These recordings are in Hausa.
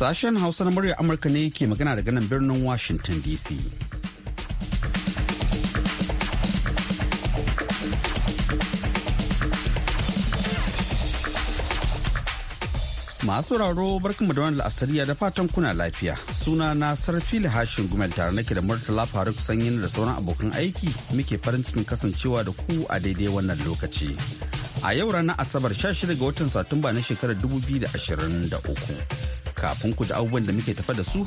Sashen Hausa na muryar Amurka ne ke magana daga nan birnin Washington DC. Masu raro barkanmu da wani la'asariya da fatan kuna lafiya. Suna na sarfi hashin gumel tare nake da Murtala Faruk Sanyin da sauran abokan aiki muke farin cikin kasancewa da ku a daidai wannan lokaci. A yau ranar Asabar 16 ga watan Satumba na shekarar 2023. kafin ku ji abubuwan da muke tafa da su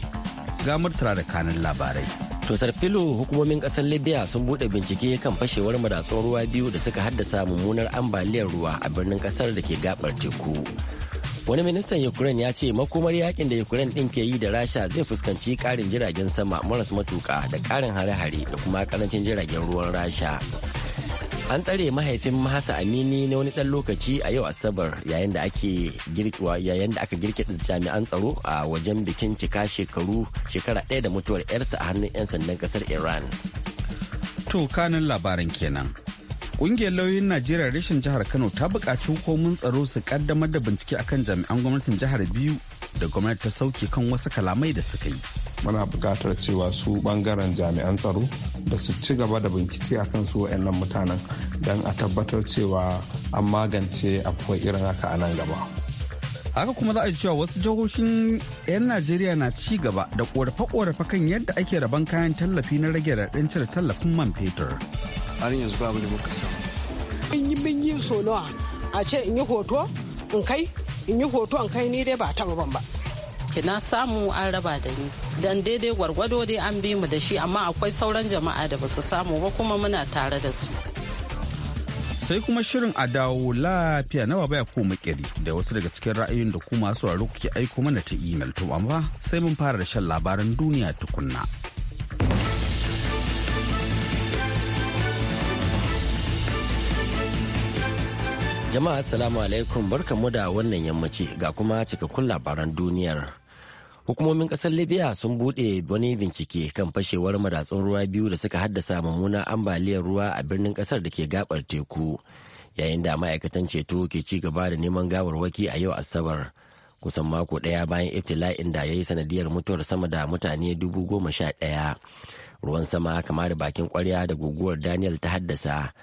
ga murtala da kanan labarai. To sarfilo hukumomin kasar Libya sun bude bincike kan fashewar madatsun ruwa biyu da suka haddasa mummunar ambaliyar ruwa a birnin kasar da ke gabar teku. Wani ministan Ukraine ya ce makomar yakin da Ukraine din ke yi da Rasha zai fuskanci karin jiragen sama maras matuka da karin hare-hare da kuma karancin jiragen ruwan Rasha. an tsare mahaifin mahasa amini na wani ɗan lokaci a yau asabar yayin da ake girkiwa yayin da aka girke jami'an tsaro a wajen bikin cika shekaru shekara ɗaya da mutuwar yarsa a hannun 'yan sandan ƙasar iran to kanin labaran kenan Ƙungiyar lauyoyin Najeriya rashin jihar Kano ta buƙaci hukumomin tsaro su ƙaddamar da bincike akan jami'an gwamnatin jihar biyu da gwamnati ta sauke kan wasu kalamai da suka yi. Muna buƙatar cewa su ɓangaren jami'an tsaro da su ci gaba da bincike a kan su wayannan mutanen don a tabbatar cewa an magance akwai irin haka a nan gaba. Haka kuma za a cewa wasu jihohin 'yan Najeriya na ci gaba da ƙorafe-ƙorafe kan yadda ake rabon kayan tallafi na rage raɗin cire tallafin man fetur. Har yanzu babu da muka samu. An yi bin a ce in yi hoto in kai in yi hoto an kai ni dai ba taba ban ba samu an raba da ni dan daidai gwargwado dai an bi mu da shi amma akwai sauran jama'a da basu samu ba kuma muna tare da su sai kuma shirin a dawo lafiya na baya ko makeri da wasu daga cikin ra'ayin da kuma sauraro kuke aiko mana ta imel to amma sai mun fara da shan labaran duniya tukunna. Jama'a Assalamu alaikum barkanmu da wannan yammaci ga kuma cikakkun labaran duniyar. Hukumomin kasar Libya sun buɗe wani bincike kan fashewar madatsun ruwa biyu da suka haddasa mummuna ambaliyar ruwa a birnin kasar da ke gabar teku. Yayin da ma'aikatan ceto ke ci gaba da neman gawarwaki a yau Asabar. Kusan mako ɗaya bayan ibtila'in da ya yi sanadiyar mutuwar sama da mutane dubu goma sha ɗaya. Ruwan sama kama da bakin kwarya da guguwar Daniel ta haddasa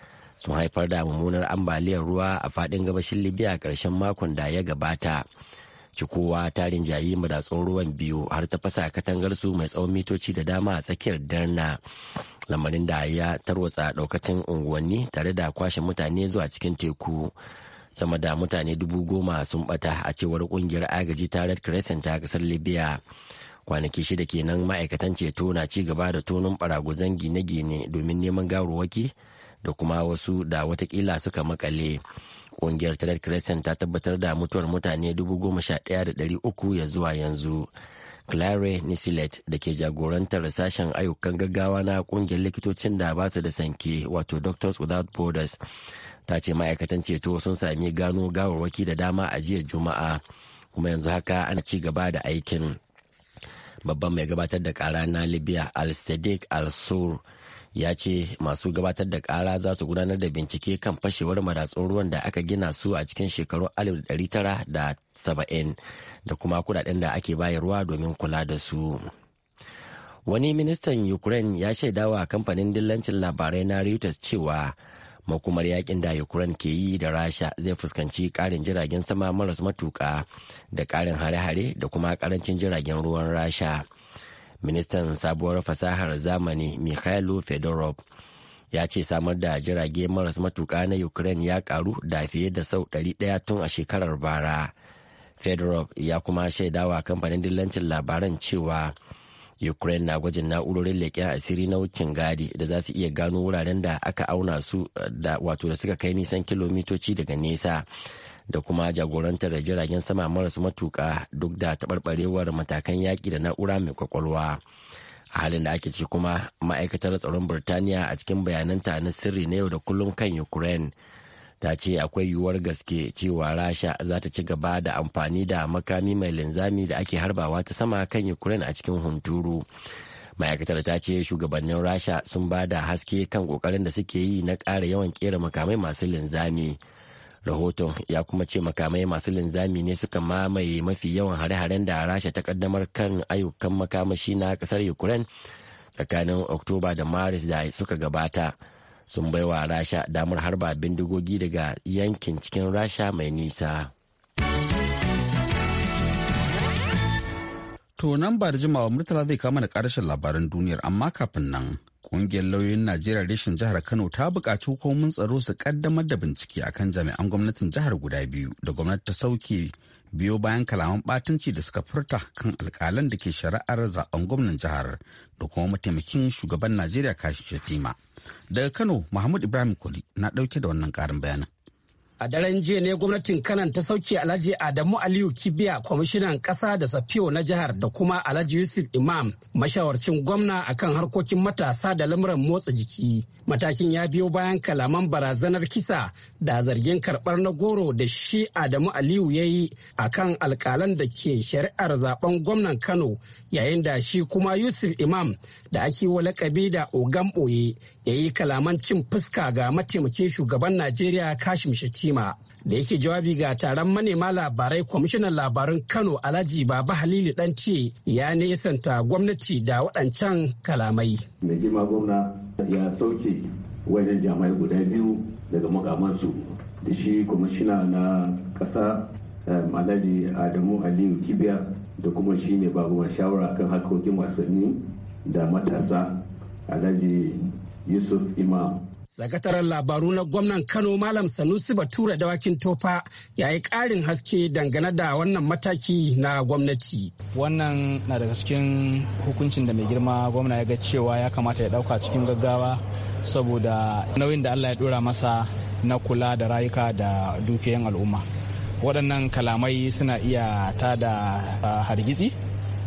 sun haifar da mummunar ambaliyar ruwa a fadin gabashin libya karshen makon da ya gabata cikowa ta rinjayi madatsun ruwan biyu har ta fasa katangar mai tsawon mitoci da dama a tsakiyar darna lamarin da ya tarwatsa daukacin unguwanni tare da kwashe mutane zuwa cikin teku sama da mutane dubu goma sun bata a cewar kungiyar agaji ta red crescent ta kasar libya kwanaki shida kenan ma'aikatan ceto na ci gaba da tonon baraguzan gine-gine domin neman gawarwaki da kuma wasu da watakila suka makale ƙungiyar red crescent ta tabbatar da mutuwar mutane dubu sha ɗaya da ɗari uku ya zuwa yanzu clare nisilet da ke jagorantar sashen ayyukan gaggawa na ƙungiyar likitocin da ba su da sanke wato doctors without borders ta ce ma'aikatan ceto sun sami gano gawarwaki da dama a jiya juma'a kuma yanzu haka ana ci gaba da aikin babban mai gabatar da kara na libya al-sadiq al-sur al sadiq al sur al sur ya ce masu gabatar da kara za su gudanar da bincike kan fashewar madatsun ruwan da aka gina su a cikin shekarun 1970 da kuma kudaden da ake bayarwa domin kula da su wani ministan ukraine ya shaidawa kamfanin dillancin labarai na reuters cewa makumar yakin da ukraine ke yi da rasha zai fuskanci karin jiragen sama maras matuka da karin hare-hare da kuma karancin jiragen ruwan rasha. ministan sabuwar fasahar zamani mikhailo fedorov ya ce samar da jirage maras matuka na ukraine ya karu da fiye da sau 100 tun a shekarar bara fedorov ya kuma shaidawa kamfanin dillancin labaran cewa ukraine na gwajin na'urorin leƙen asiri na wucin gadi da za su iya gano wuraren da aka auna su da wato da suka kai nisan kilomitoci daga nesa da kuma jagorantar jiragen sama marasu matuka duk da taɓarɓarewar matakan yaƙi da na'ura mai kwakwalwa a halin da ake ciki kuma ma'aikatar tsaron birtaniya a cikin bayananta na sirri na yau da kullum kan ukraine ta ce akwai yiwuwar gaske cewa rasha za ta ci gaba da amfani da makami mai linzami da ake harbawa ta sama kan ukraine a cikin hunturu ma'aikatar ta ce shugabannin rasha sun ba da haske kan ƙoƙarin da suke yi na ƙara yawan ƙera makamai masu linzami. rahoton ya kuma ce makamai masu linzami ne suka mamaye mafi yawan hare-haren da rasha ta kaddamar kan ayyukan makamashi na kasar ukraine tsakanin oktoba da maris da suka gabata sun baiwa rasha damar harba bindigogi daga yankin cikin rasha mai nisa to nan ba da jimawa murtala zai kama da karshen labaran duniyar amma kafin nan Ƙungiyar lauyoyin Najeriya reshen jihar Kano ta buƙaci hukumomin tsaro su kaddamar da bincike akan jami'an gwamnatin jihar guda biyu da gwamnati ta sauke biyo bayan kalaman ɓatanci da suka furta kan alƙalan da ke shari'ar zaben gwamnan jihar da kuma mataimakin shugaban Najeriya Kashi Shatima. Daga Kano, Mahmud Ibrahim Koli na ɗauke da wannan ƙarin bayanan. A daren jiya ne gwamnatin kanan ta sauke Alhaji Adamu Aliyu Kibiya kwamishinan ƙasa da Safiyo na jihar da kuma Alhaji Yusuf Imam mashawarcin gwamna akan harkokin matasa da lamuran motsa jiki. Matakin ya biyo bayan kalaman barazanar kisa da zargin karɓar na goro da shi Adamu Aliyu ya yi akan alkalan da ke shari'ar zaben gwamnan Kano yayin da shi kuma Yusuf Imam da ake wa lakabi da Ogan Ɓoye ya yi kalaman cin fuska ga mataimakin shugaban Najeriya Kashim shati kima da yake jawabi ga taron manema labarai kwamishinan labarun Kano Alhaji Baba Halilu dan ce ya nesanta gwamnati da waɗancan kalamai. Mai gima gwamna ya sauke wajen jami'ai guda biyu daga makamansu da shi kwamishina na ƙasa um, Alhaji Adamu Aliyu Kibiya da kuma shi ne babu shawara kan harkokin wasanni da matasa Alhaji Yusuf Imam Sakataren labaru na gwamnan Kano Malam Sanusi Bature dawakin tofa ya yi ƙarin haske dangane da wannan mataki na gwamnati. Wannan na daga cikin hukuncin da mai girma gwamna ya ga cewa ya kamata ya ɗauka cikin gaggawa saboda nauyin da Allah ya ɗora masa na kula da rayuka da dukiyan al'umma. Waɗannan kalamai suna iya tada ah, hargitsi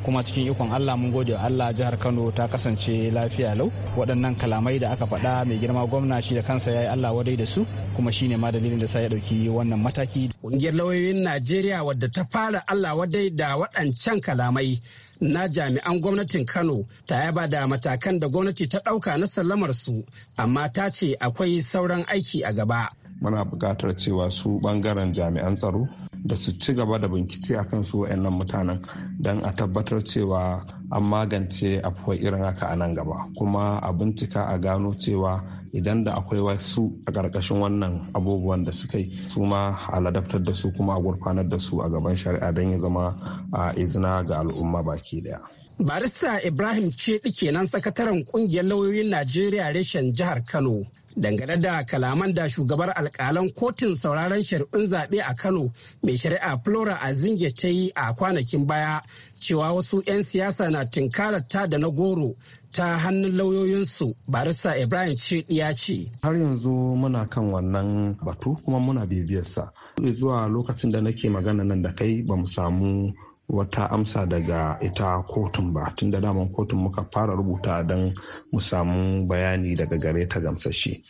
kuma cikin ikon allah mun gode wa allah jihar kano ta kasance lafiya lau waɗannan kalamai da aka faɗa mai girma gwamna shi da kansa ya yi allah wadai da su kuma shine ma dalilin da sa ya ɗauki wannan mataki. ƙungiyar lauyoyin najeriya wadda ta fara allah wadai da waɗancan kalamai na jami'an gwamnatin kano ta yaba da matakan da gwamnati ta ɗauka na sallamar su amma ta ce akwai sauran aiki a gaba. muna buƙatar cewa su ɓangaren jami'an tsaro da su ci gaba da bincike akan su wayannan mutanen don a tabbatar cewa an magance afuwar irin haka a nan gaba kuma a bincika a gano cewa idan da akwai wasu a ƙarƙashin wannan abubuwan da suka yi su ma a ladabtar da su kuma a gurfanar da su a gaban shari'a don ya zama a izina ga al'umma baki daya. barista ibrahim ce kenan sakataren kungiyar lauyoyin najeriya reshen jihar kano dangane da kalaman da shugabar alkalan kotun sauraron shari'un zaɓe a kano mai shari'a flora azinge ta yi a kwanakin baya cewa wasu 'yan siyasa na tinkararta da na goro ta hannun lauyoyinsu barista ibrahim ce ya ce har yanzu muna kan wannan batu kuma muna bibiyarsa zuwa lokacin da nake magana nan da kai ba mu samu wata amsa daga ita kotun ba tun da daman kotun muka fara rubuta don mu samu bayani daga gare ta gamsashe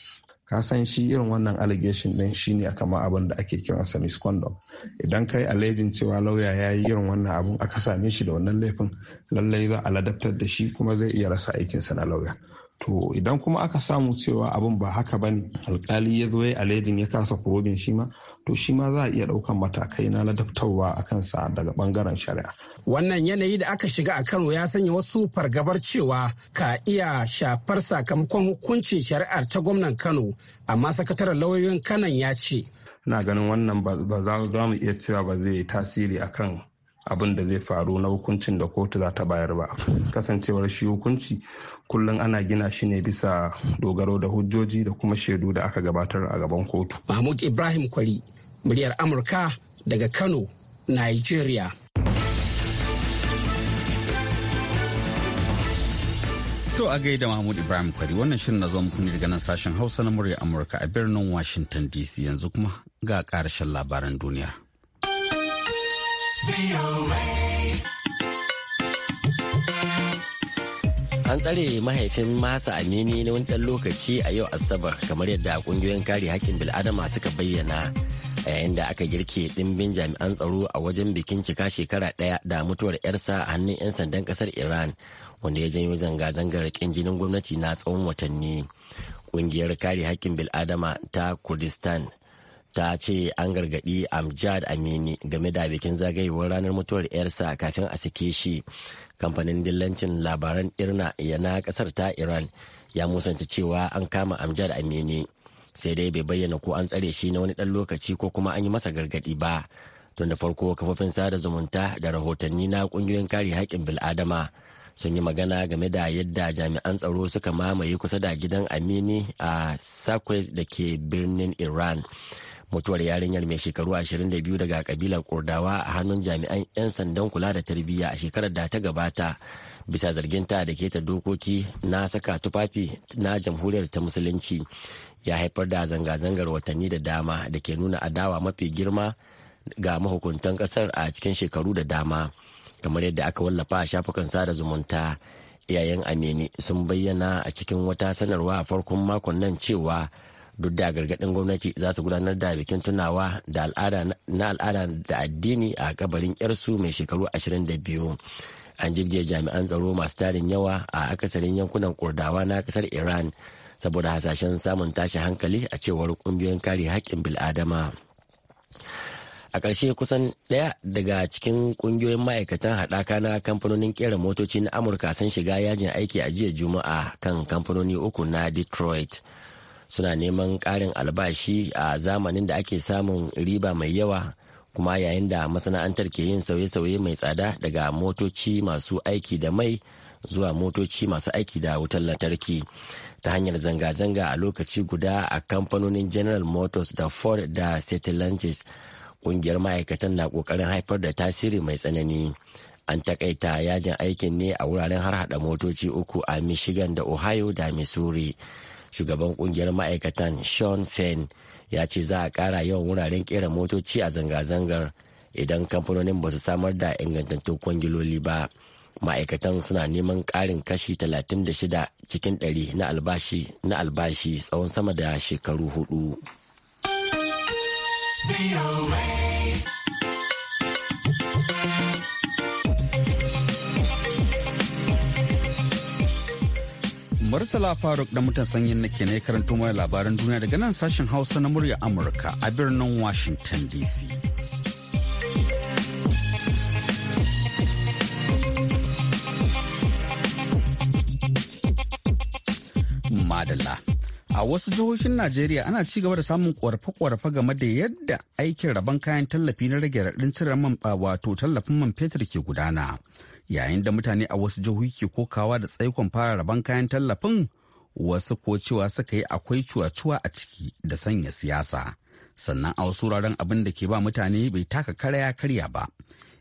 ka san shi irin wannan allegation din shine kama abin da ake sa misconduct idan kai alejin cewa lauya ya yi irin wannan abun aka same shi da wannan laifin lallai za a ladabtar da shi kuma zai iya rasa aikinsa na lauya to idan kuma aka samu cewa abin ba haka bane alkali ya zo ya alejin ya kasa kurobin shi ma to shi ma za a iya ɗaukan matakai na ladabtarwa a kansa daga bangaren shari'a. Wannan yanayi da aka shiga a Kano ya sanya wasu fargabar cewa ka iya shafar sakamakon hukuncin shari'ar ta gwamnan Kano, amma sakataren lauyoyin Kanan ya ce. Na ganin wannan ba za mu iya cewa ba zai tasiri akan abin da zai faru na hukuncin da kotu za ta bayar ba kasancewar shi hukunci kullum ana gina shi ne bisa dogaro da hujjoji da kuma shaidu da aka gabatar a gaban kotu mahmud ibrahim kwari muryar amurka daga kano nigeria To a gaida Mahmud Ibrahim Kwari wannan shirin na zo muku ne daga nan sashen Hausa na muryar Amurka a birnin Washington DC yanzu kuma ga ƙarashen labaran duniya. An tsare mahaifin Masa Amini na wani lokaci a yau Asabar kamar yadda ƙungiyoyin kare haƙƙin bil'adama suka bayyana a yayin da aka girke ɗimbin jami'an tsaro a wajen bikin cika shekara ɗaya da mutuwar 'yarsa a hannun 'yan sandan ƙasar Iran wanda ya janyo zanga-zangar ƙin jinin gwamnati na tsawon watanni. Ƙungiyar kare haƙƙin bil'adama ta Kurdistan ta ce an gargaɗi amjad amini game da bikin zagayewar ranar mutuwar 'yarsa kafin a sake shi kamfanin dillancin labaran irna yana kasar ta iran ya musanta cewa an kama amjad amini sai dai bai bayyana ko an tsare shi na wani ɗan lokaci ko kuma an yi masa gargaɗi ba tun da farko kafofin sada zumunta da rahotanni na ƙungiyoyin kare haƙƙin bil'adama sun yi magana game da yadda jami'an tsaro suka mamaye kusa da gidan amini a sakwai da ke birnin iran mutuwar yarinyar mai shekaru 22 daga kabilar kurdawa a hannun jami'an 'yan sandan kula da tarbiyya a shekarar da ta gabata bisa zargin ta da keta dokoki na saka tufafi na jamhuriyar ta musulunci ya haifar da zanga-zangar watanni da dama da ke nuna adawa mafi girma ga mahukuntan kasar a cikin shekaru da dama kamar yadda aka wallafa a shafukan sada zumunta iyayen amini sun bayyana a cikin wata sanarwa a farkon makon nan cewa duk da gargadin gwamnati za su gudanar da bikin tunawa na al'ada da addini a kabarin yarsu mai shekaru 22 an jirgin jami'an tsaro masu tarin yawa a akasarin yankunan kurdawa na kasar iran saboda hasashen samun tashi hankali a cewar kungiyoyin kare haƙƙin bil'adama a ƙarshe kusan ɗaya daga cikin ƙungiyoyin ma'aikatan haɗaka na kamfanonin ƙera motoci na amurka sun shiga yajin aiki a jiya juma'a kan kamfanoni uku na detroit suna neman ƙarin albashi a zamanin da ake samun riba mai yawa kuma yayin da masana'antar ke yin sauye-sauye mai tsada daga motoci masu aiki da mai zuwa motoci masu aiki da wutar lantarki ta hanyar zanga-zanga a lokaci guda a kamfanonin general motors da ford da satellite kungiyar ma'aikatan na kokarin haifar da tasiri mai tsanani an takaita yajin aikin ne a wuraren har hada motoci uku a michigan da ohio da missouri shugaban kungiyar ma'aikatan sean fenn ya ce za a kara yawan wuraren kera motoci a zanga-zangar idan kamfanonin ba su samar da ingantattun kwangiloli ba ma'aikatan suna neman karin kashi 36 cikin 100 na albashi na albashi tsawon sama da shekaru hudu. Murtala Faruk da mutan sanyin na ke ne karanto mai labaran duniya daga nan sashen Hausa na murya Amurka a birnin Washington DC. Madalla. A wasu jihohin Najeriya ana ci gaba da samun kwarfe-kwarfe game da yadda aikin rabon kayan tallafi na rage raɗin cire man wato tallafin man fetur ke gudana. yayin da mutane a wasu jihohi ke kokawa da tsaikon fara rabon kayan tallafin wasu ko cewa suka yi akwai cuwa-cuwa a ciki da sanya siyasa sannan a wasu wuraren abin da ke ba mutane bai taka karya karya ba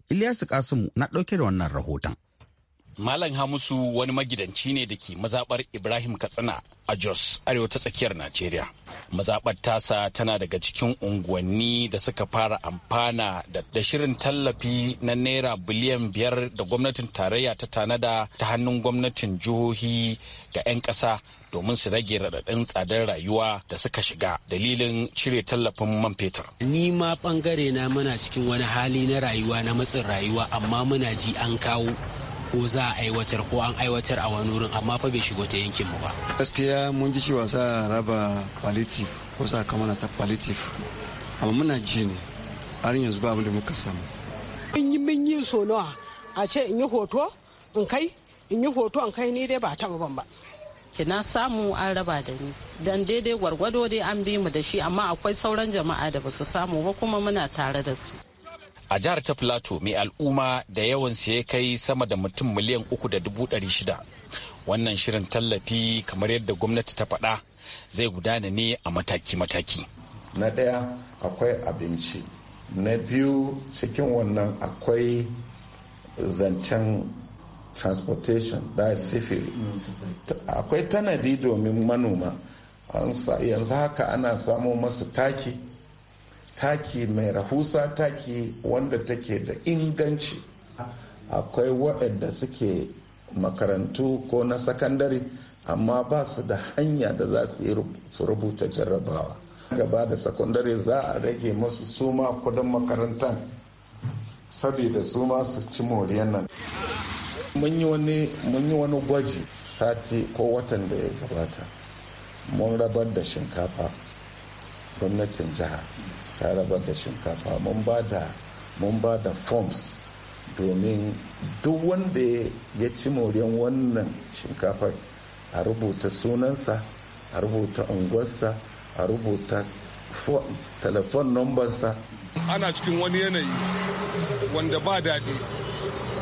ilyasu kasimu na ɗauke da wannan rahoton Malam Hamisu wani magidanci ne da ke mazabar Ibrahim Katsina a Jos, arewa ta tsakiyar Najeriya. Mazaɓar tasa tana daga cikin unguwanni da suka fara amfana da, da shirin tallafi na Naira biliyan biyar da gwamnatin tarayya ta tanada ta hannun gwamnatin jihohi ga 'yan ƙasa domin su rage raɗaɗin tsadar rayuwa da suka shiga dalilin cire tallafin man fetur. Ni ma ɓangare na muna cikin wani hali na rayuwa na matsin rayuwa amma muna ji an kawo ko za a aiwatar ko an aiwatar a wani wurin amma fa bai shigo ta yankin mu ba gaskiya mun ji cewa sa raba palliative ko sa kamana ta palliative amma muna ji ne har yanzu ba abin da muka samu in yi min yi so nawa a ce in yi hoto in kai in yi hoto in kai ni dai ba taba ban ba ki na samu an raba da ni dan daidai gwargwado dai an bi mu da shi amma akwai sauran jama'a da basu samu ba kuma muna tare da su a jihar ta plateau mai al'umma da yawan ya kai sama da mutum miliyan uku da dubu ɗari shida wannan shirin tallafi kamar yadda gwamnati ta faɗa zai gudana ne a mataki-mataki na ɗaya akwai abinci na biyu cikin wannan akwai zancen transportation da sifiri akwai tanadi domin manoma yanzu haka ana samo masu taki taki mai rahusa taki wanda take da inganci akwai waɗanda suke makarantu ko na sakandare amma ba su da hanya da za su rubuta jarrabawa gaba da sakandare za a rage masu suma kudin makarantar saboda suma su ci moriyar nan mun yi wani gwaji sati ko watan da ya gabata mun rabar da shinkafa gwamnatin jihar ta rabar da shinkafa mun ba da mun ba da forms domin duk wanda ya ci moriyan wannan shinkafar a rubuta sunansa a rubuta unguwarsa a rubuta telefon numbansa ana cikin wani yanayi wanda ba daɗi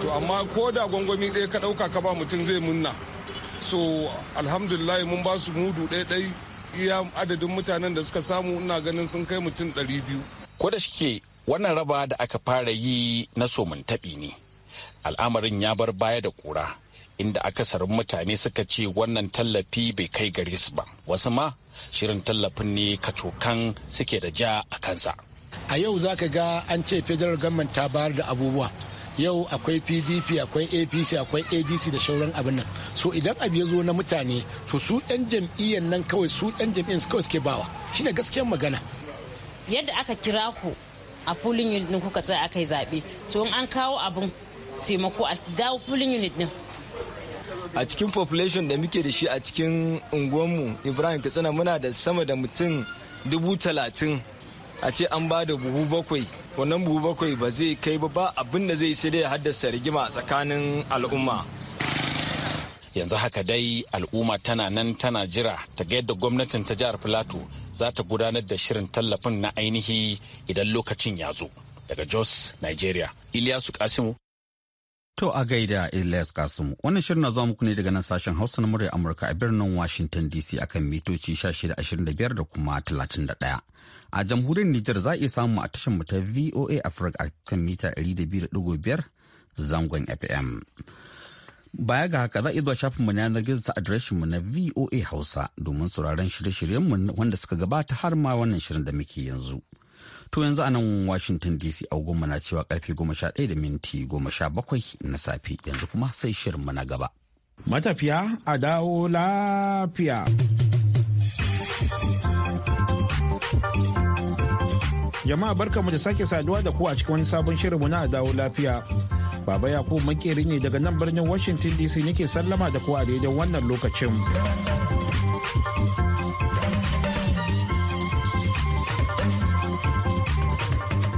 to amma ko da gwangwami ɗaya ka ɗauka ka ba mutum zai munna so alhamdulillah mun ba su mudu ɗaya iya adadin mutanen da suka samu ina ganin sun kai mutum ɗari biyu. ko da shike wannan raba da aka fara yi na somin taɓi ne al'amarin ya bar baya da kura inda akasarin mutane suka ce wannan tallafi bai kai gare su ba wasu ma shirin tallafin ne kacokan suke da ja a kansa a yau za ka ga an ce federal government ta bayar da abubuwa yau akwai pdp akwai apc akwai adc da shauran abin nan so idan abu ya zo na mutane to su yan jam'iyyar nan kawai su yan jam'iyyar kawai suke bawa shine gaskiyar magana yadda aka kira ku a polling unit din kuka tsaya aka yi zaɓe to in an kawo abin taimako a dawo polling unit din a cikin population da muke da shi a cikin unguwanmu ibrahim katsina muna da sama da mutum dubu talatin a ce an ba da buhu bakwai wannan buhu bakwai ba zai kai ba ba abin da zai sai dai haddasa rigima tsakanin al'umma yanzu haka dai al'umma tana nan tana jira ta ga yadda gwamnatin ta jihar filato za ta gudanar da shirin tallafin na ainihi idan lokacin ya zo daga jos nigeria iliyasu kasimu to a gaida iliyasu kasimu wannan shirin na zuwa muku ne daga nan sashen hausa na murya amurka a birnin washington dc akan mitoci 1625 da kuma 31 A jamhuriyar Nijar za a iya samu a tashar mu ta VOA Africa a kan mita 200.5 zangon FM. Baya ga haka za a zuwa shafin mu na yanar gizo ta adireshin mu na VOA Hausa domin sauraron shirye-shiryen mu wanda suka gabata har ma wannan shirin da muke yanzu. To yanzu a nan Washington DC mu na cewa karfe goma sha ɗaya da minti goma sha bakwai na safe yanzu kuma sai shirin mu na gaba. Matafiya a dawo lafiya. Jama'a barka mu da sake saduwa da ku a cikin wani sabon shirinmu na dawo lafiya. Baba Yakubu makeri ne daga nan birnin Washington DC nake sallama da ku a daidai wannan lokacin.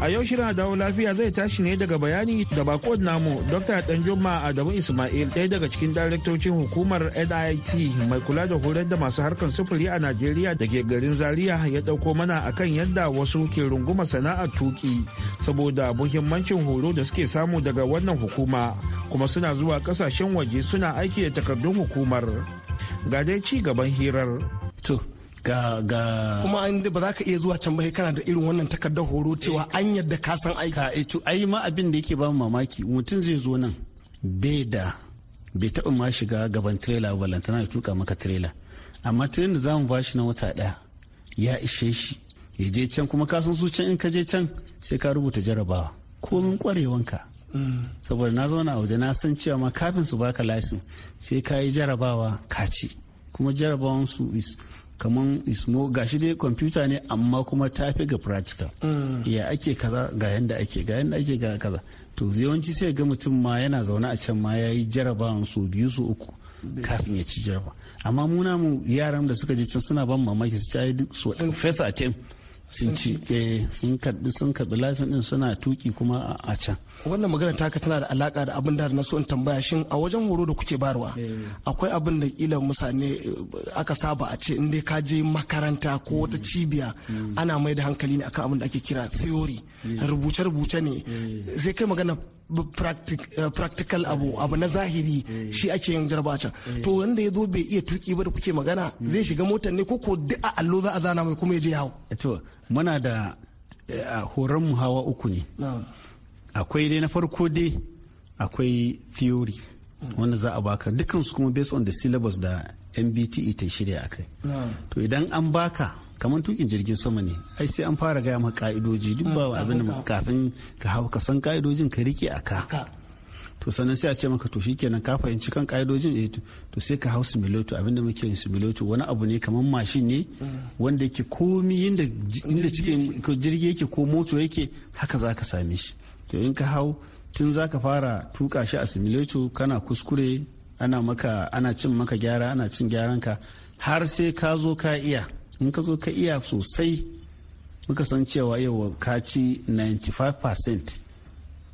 A yau shirin dawo lafiya zai tashi ne daga bayani da bakon namu Dr. Danjuma Adamu Ismail ɗaya daga cikin daraktocin hukumar NIT mai kula da horar da masu harkar sufuri a Najeriya da ke garin Zaria ya ɗauko mana akan yadda wasu ke runguma sana'ar tuki saboda muhimmancin horo da suke samu daga wannan hukuma kuma suna zuwa kasashen waje suna aiki da takardun hukumar. Ga dai ci gaban hirar. ga ga. kuma an ba za ka iya zuwa can ba kana da irin wannan takardar horo cewa an yadda ka san aiki eh, ai ma abin da yake ba mamaki mutum zai zo nan bai da bai taba ma shiga gaban tirela ba lantana da tuka maka tirela amma tirin da za mu bashi na wata ɗaya ya ishe shi ya je can kuma ka san su can in ka je can sai ka rubuta jarabawa komin kwarewanka mm. saboda na zauna a waje na san cewa ma kafin su baka lasin sai ka yi jarabawa ka ci kuma jarabawan su kamar ismo gashi dai kwamfuta ne amma kuma ta fi ga practical mm. ya ake kaza ga yanda ake ga yanda ake ga kaza to yawanci sai ga mutum ma yana zaune a can ma ya yi jarabawan su biyu su uku kafin ya ci jaraba amma muna mu yaran da suka je can suna ban mamaki su ci duk su fesa a attempt sun ci eh, sun karbi sun karbi lasin din suna tuki kuma a can wannan magana taka tana da alaka da abin da na so in tambaya shin a wajen horo da kuke barwa eh. akwai abin da kila musane eh, aka saba a ce inda ka je makaranta ko wata mm. cibiya mm. ana mai da hankali ne akan abin da ake kira theory mm. rubuce-rubuce ne sai kai magana Eh, practical abu abu na zahiri shi ake yin jarba to wanda ya zo bai iya tuki ba da kuke magana zai shiga motar ne ko a allo za a zana mai kuma ya je hau eh, to muna da eh, horon mu hawa uku ne akwai dai na farko dai akwai theory wanda za a baka dukansu kuma based on the syllabus da mbte ta shirya akai to idan an baka kamar tukin jirgin sama ne ai sai an fara gaya maka ka'idoji duk ba mm, abin da kafin ka hau ka san ka'idojin ka rike a ka to sannan sai a ce maka to shikenan ka fahimci kan ka'idojin eh to sai ka hau simulator abin da muke simulator wani abu ne kamar mashin ne wanda yake komi inda cikin jirgi yake ko moto yake haka za ka same shi to in ka hau tun za ka fara tuka shi a simulator kana kuskure ana maka ana cin maka gyara ana cin gyaran ka har sai ka zo ka iya in ka zo ka iya sosai muka san cewa yau ka ci 95%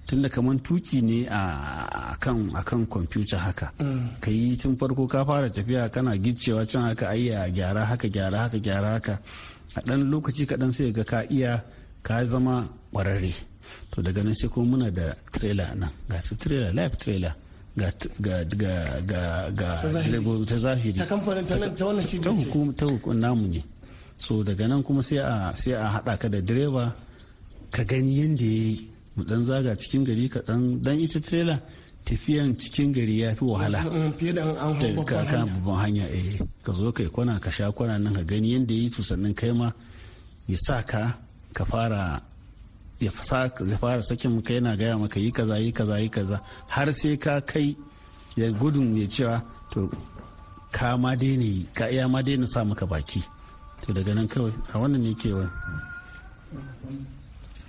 tun da kamar tuki ne a kan kwamfuta haka mm. ka yi tun farko ka fara tafiya kana gicewa can haka ayya gyara haka gyara haka gyara haka a ɗan lokaci kaɗan sai ga ka iya ka zama ƙwararre to daga nan sai kuma muna da trailer nan ga su trailer live trailer ga ta zahiri ta ta hukumar namu ne so daga nan kuma sai a sai a haɗa ka da direba ka gani yadda ya yi mu dan zaga cikin gari ka dan dan ita trailer tafiyan cikin gari ya fi wahala mm, mm, fiye da an babban hanya eh ka zo kai kwana ka sha kwana nan ka gani yadda ya yi to sannan kai ma ya sa ka ka fara ya fara sakin maka yana gaya maka yi kaza yi kaza yi kaza har sai ka kai ya gudun ya cewa to ka ma daina ka iya ma daina sa maka baki to daga nan kawai a wannan ne ke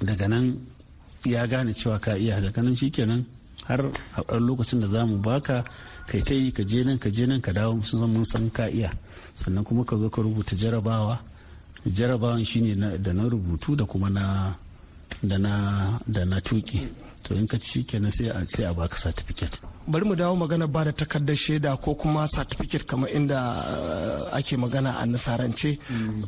daga nan ya gane cewa ka iya daga nan shikenan har a lokacin da za mu baka kai ta yi ka je nan ka je nan ka dawo sun zan mun san ka iya sannan kuma ka zo ka rubuta jarabawa jarabawan shine da na rubutu da kuma na da na tuki to in ka ci kenan sai a sai a baka certificate bari mu dawo magana ba da takardar shaida ko kuma satifiket kamar inda eh, ake magana a nasarance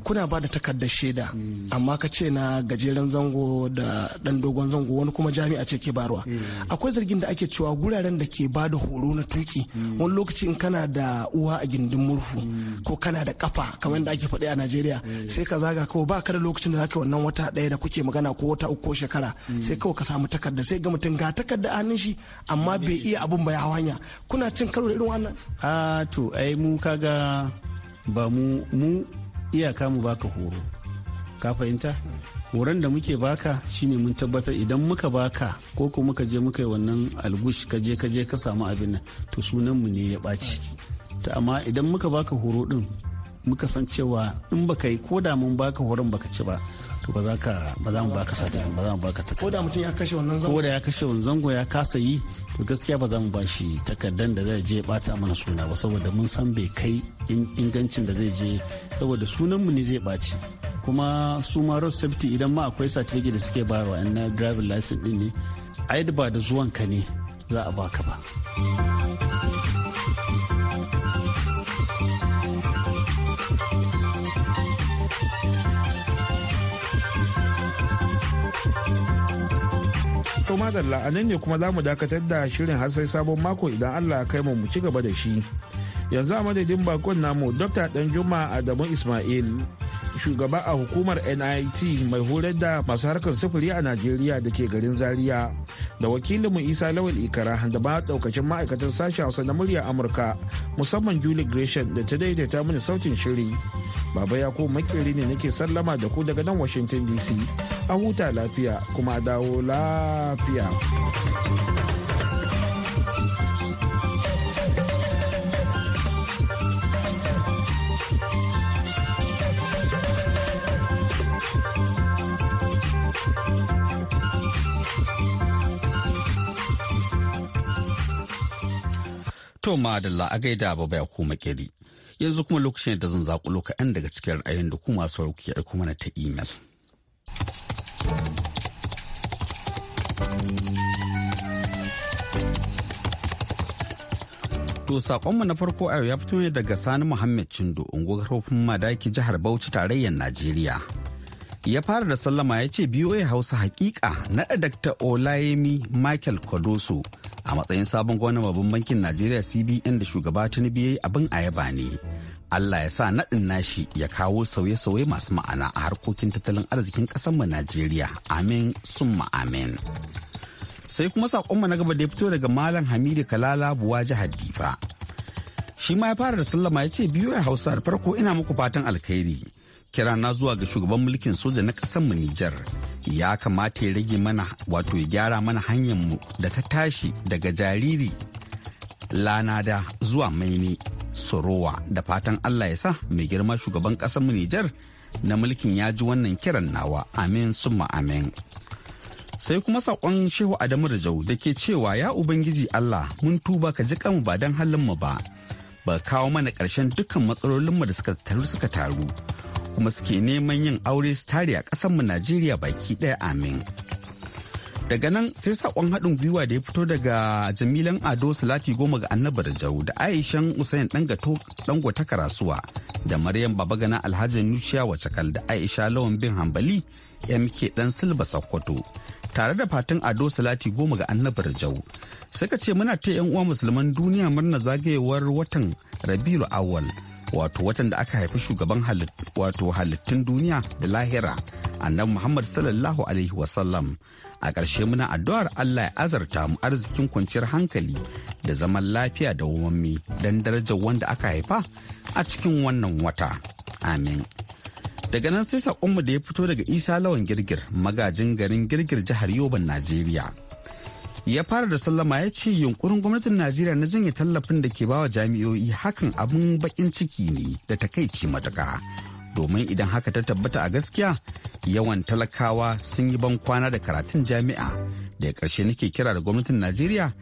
kuna ba da takardar shaida amma ka ce na gajeren zango da dan dogon zango wani kuma jami'a ce ke barwa akwai zargin da ake cewa guraren da ke ba da horo na tuki wani lokaci in kana da uwa a gindin murhu ko kana da kafa kamar yadda ake faɗi a najeriya sai ka zaga kawai ba ka da lokacin da zaka wannan wata ɗaya da kuke magana ko wata uku ko shekara sai kawai ka samu takarda sai ga mutum ga takarda hannun shi amma bai iya abun ba kuma ya kuna cin karo da irin wannan a to ai mu kaga ba mu mu iyaka mu baka horo ka fahimta horon da muke baka shine mun tabbatar idan muka baka ko ko muka je muka yi wannan algush ka je ka je ka samu abin nan to sunan mu ne ya baci ta amma idan muka baka horo din muka san cewa in baka yi ko da mun baka horon baka ci ba ba za ka ba za mu baka ba za mu baka takarda da mutum ya kashe wannan zango koda ya kashe wannan zango ya kasa yi to gaskiya ba za mu bashi takardan da zai je bata mana suna ba saboda mun san bai kai ingancin da zai je saboda sunan mu ne zai baci kuma su ma road safety idan ma akwai satifiki da suke bayarwa na driving license din ne ai ba da zuwan ka ne za a baka ba madalla la'anin ne kuma za mu dakatar da shirin har sai sabon mako idan Allah ya kai mu mu ci gaba da shi. Yanzu a madadin bakon namu Dr. Danjuma Adamu Ismail shugaba a hukumar nit mai horar da masu harkar sufuri a najeriya da ke garin zaria da wakilinmu isa lawal ikara da ba daukacin ma'aikatan sashen hausa na murya amurka musamman julie gresham da ta daidaita mini sautin shiri baba ya ko makiri ne nake sallama da ku daga nan washington dc a huta lafiya kuma a dawo lafiya To madalla a gaida ba ya ko makeri Yanzu kuma lokacin da zan zakulo kaɗan daga cikin ra'ayin da kuma sauraro ke aiko mana ta imel. To saƙonmu na farko a yau ya fito ne daga Sani Muhammad Chindo, unguwar rufin madaki jihar Bauchi tarayyar Najeriya. Ya fara da sallama ya ce biyo ya Hausa hakika na Dr. Olayemi Michael Kodoso a matsayin sabon gwamnan babban bankin najeriya cbn da shugaba tuni biye abin ayaba ne allah ya sa naɗin nashi ya kawo sauye-sauye masu ma'ana a harkokin tattalin arzikin mu najeriya amin summa amin sai kuma saƙonmu na gaba da ya fito daga malam hamidu kalala buwa jihar difa shi ma ya fara da sallama ya ce biyu hausa da farko ina muku fatan alkhairi kira na zuwa ga shugaban mulkin soja na ƙasar mu Nijar ya kamata ya rage mana wato ya gyara mana hanyar mu da ta tashi daga jariri lanada zuwa maini sorowa da fatan Allah ya sa mai girma shugaban ƙasar mu Nijar na mulkin ya ji wannan kiran nawa amin summa amin sai kuma saƙon shehu adamu rajau da ke cewa ya ubangiji allah mun tuba ka ji kanmu ba don halin mu ba ba kawo mana ƙarshen dukkan matsalolinmu da suka taru suka taru kuma suke neman yin aure su tare a mu Najeriya baki ɗaya amin. daga nan sai saƙon haɗin gwiwa da ya fito daga jamilan ado salati goma ga annabar jau da aishan usain dango ta karasuwa da maryam babagana alhaji nuciya wacakal da aisha lawan bin hambali mk dan silba sokoto tare da fatan ado salati goma ga annabar jau suka ce muna ta yan uwa musulman duniya murna zagayewar watan rabiul awal wato watan da aka haifi shugaban wato halittun duniya da lahira annabi muhammad sallallahu alaihi wasallam a ƙarshe muna addu'ar allah ya azarta mu arzikin kwanciyar hankali da zaman lafiya da wammi don darajar wanda aka haifa a cikin wannan wata amin daga nan sai saƙonmu da ya fito daga isa lawan girgir magajin garin girgir jihar yoban najeriya ya fara da sallama ya ce yunkurin gwamnatin najeriya na janye tallafin da ke bawa jami'o'i hakan abin bakin ciki ne da takaici matuka domin idan haka ta tabbata a gaskiya yawan talakawa sun yi ban kwana da karatun jami'a da ya karshe nake kira da gwamnatin najeriya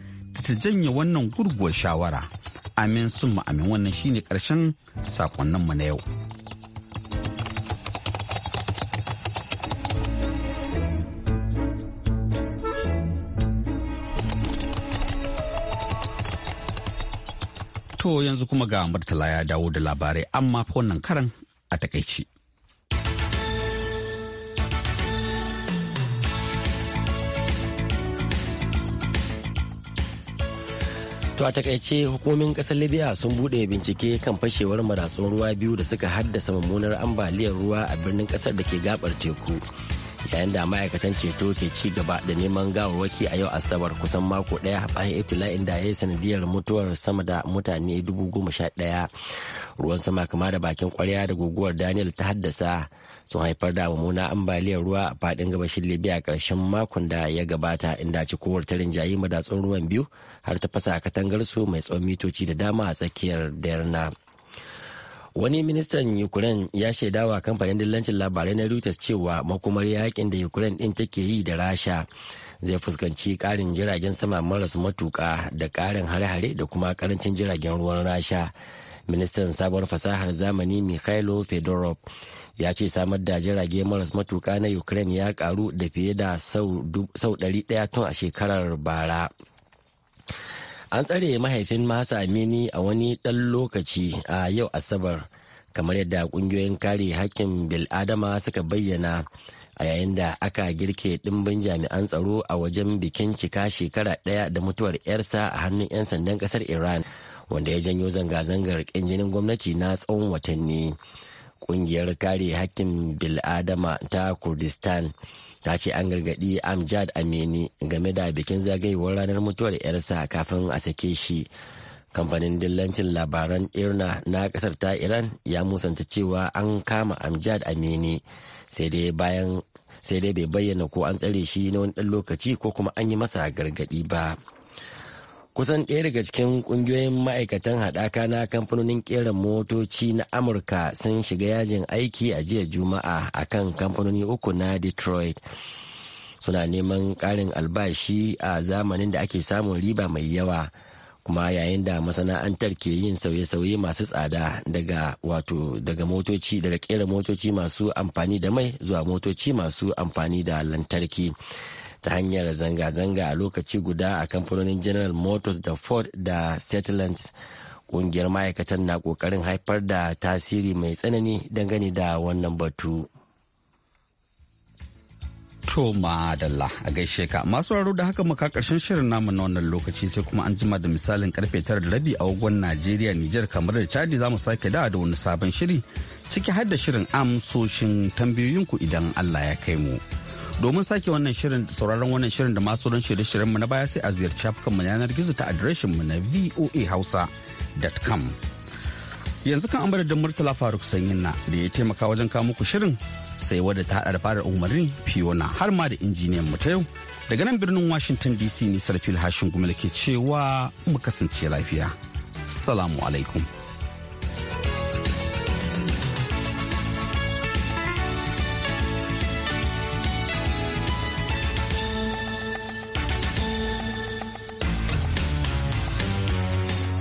ta janye wannan gurguwar shawara amin sun amin wannan shine karshen mu na yau To yanzu kuma ga Murtala ya dawo da labarai amma fa wannan karan a takaici. To a takaice hukumomin kasar Libya sun bude bincike kan fashewar maratsun ruwa biyu da suka haddasa mummunar ambaliyar ruwa a birnin kasar da ke gabar teku. yayin da ma'aikatan ceto ke ci gaba da neman gawarwaki a yau asabar kusan mako daya bayan ibtila'in da ya yi sanadiyar mutuwar sama da mutane dubu goma sha daya ruwan sama kama da bakin kwarya da guguwar daniel ta haddasa sun haifar da mummuna ambaliyar ruwa a fadin gabashin libya karshen makon da ya gabata inda kowar ta rinjayi madatsun ruwan biyu har ta fasa katangar su mai tsawon mitoci da dama a tsakiyar derna Wani ministan Ukraine ya shaidawa kamfanin dillancin labarai na Reuters cewa makomar yakin da Ukraine din take yi da Rasha zai fuskanci ƙarin jiragen sama maras matuka da karin hare-hare da kuma karancin jiragen ruwan Rasha. Ministan sabuwar fasahar zamani Mikhailo Fedorov ya ce samar da jirage maras matuka na Ukraine ya karu da fiye da sau 100 tun a shekarar bara. an tsare mahaifin masa amini a wani ɗan lokaci a yau asabar kamar yadda ƙungiyoyin kare haƙƙin bil'adama suka bayyana a yayin da aka girke ɗimbin jami'an tsaro a wajen bikin cika shekara ɗaya da mutuwar 'yarsa a hannun 'yan sandan ƙasar iran wanda ya janyo zanga-zangar ƙin jinin gwamnati na tsawon watanni ƙungiyar kare haƙƙin bil'adama ta kurdistan ta ce an gargaɗi amjad amini game da bikin zagayewar ranar mutuwar yarsa kafin a sake shi kamfanin dillancin labaran irna na kasar ta iran ya musanta cewa an kama amjad amini sai dai bayan sai dai bai bayyana ko an tsare shi na wani ɗan lokaci ko kuma an yi masa gargaɗi ba. kusan ɗaya daga cikin ƙungiyoyin ma'aikatan haɗaka na kamfanonin ƙera motoci na amurka sun shiga yajin aiki a jiya juma'a a kan kamfanoni uku na detroit suna neman ƙarin albashi a zamanin da ake samun riba mai yawa kuma yayin da masana'antar ke yin sauye-sauye masu tsada daga wato daga motoci daga ƙera motoci masu amfani da mai zuwa motoci masu amfani da lantarki. ta hanyar zanga-zanga a lokaci guda a kamfanonin general motors da ford da settlements kungiyar ma'aikatan na kokarin haifar da tasiri mai tsanani dangane da wannan batu. To madalla a gaishe ka masu raro da haka muka karshen shirin namu na wannan lokaci sai kuma an jima da misalin karfe tara da rabi a wagon Najeriya Nijar kamar da Chadi za mu sake da da wani sabon shiri ciki har da shirin amsoshin tambayoyinku idan Allah ya kai mu. domin sake wannan shirin sauraron wannan shirin da masu ran shirye-shiryenmu na baya sai a ziyarci mu yanar gizo ta adireshin mu na voahausa.com yanzu kan an da murtala faruk sanyin na da ya taimaka wajen kawo muku shirin sai wadda ta hada da fara umarni fiona har ma da injiniyan mu ta yau daga nan birnin washington dc ni sarfil hashin gumel ke cewa mu kasance lafiya salamu alaikum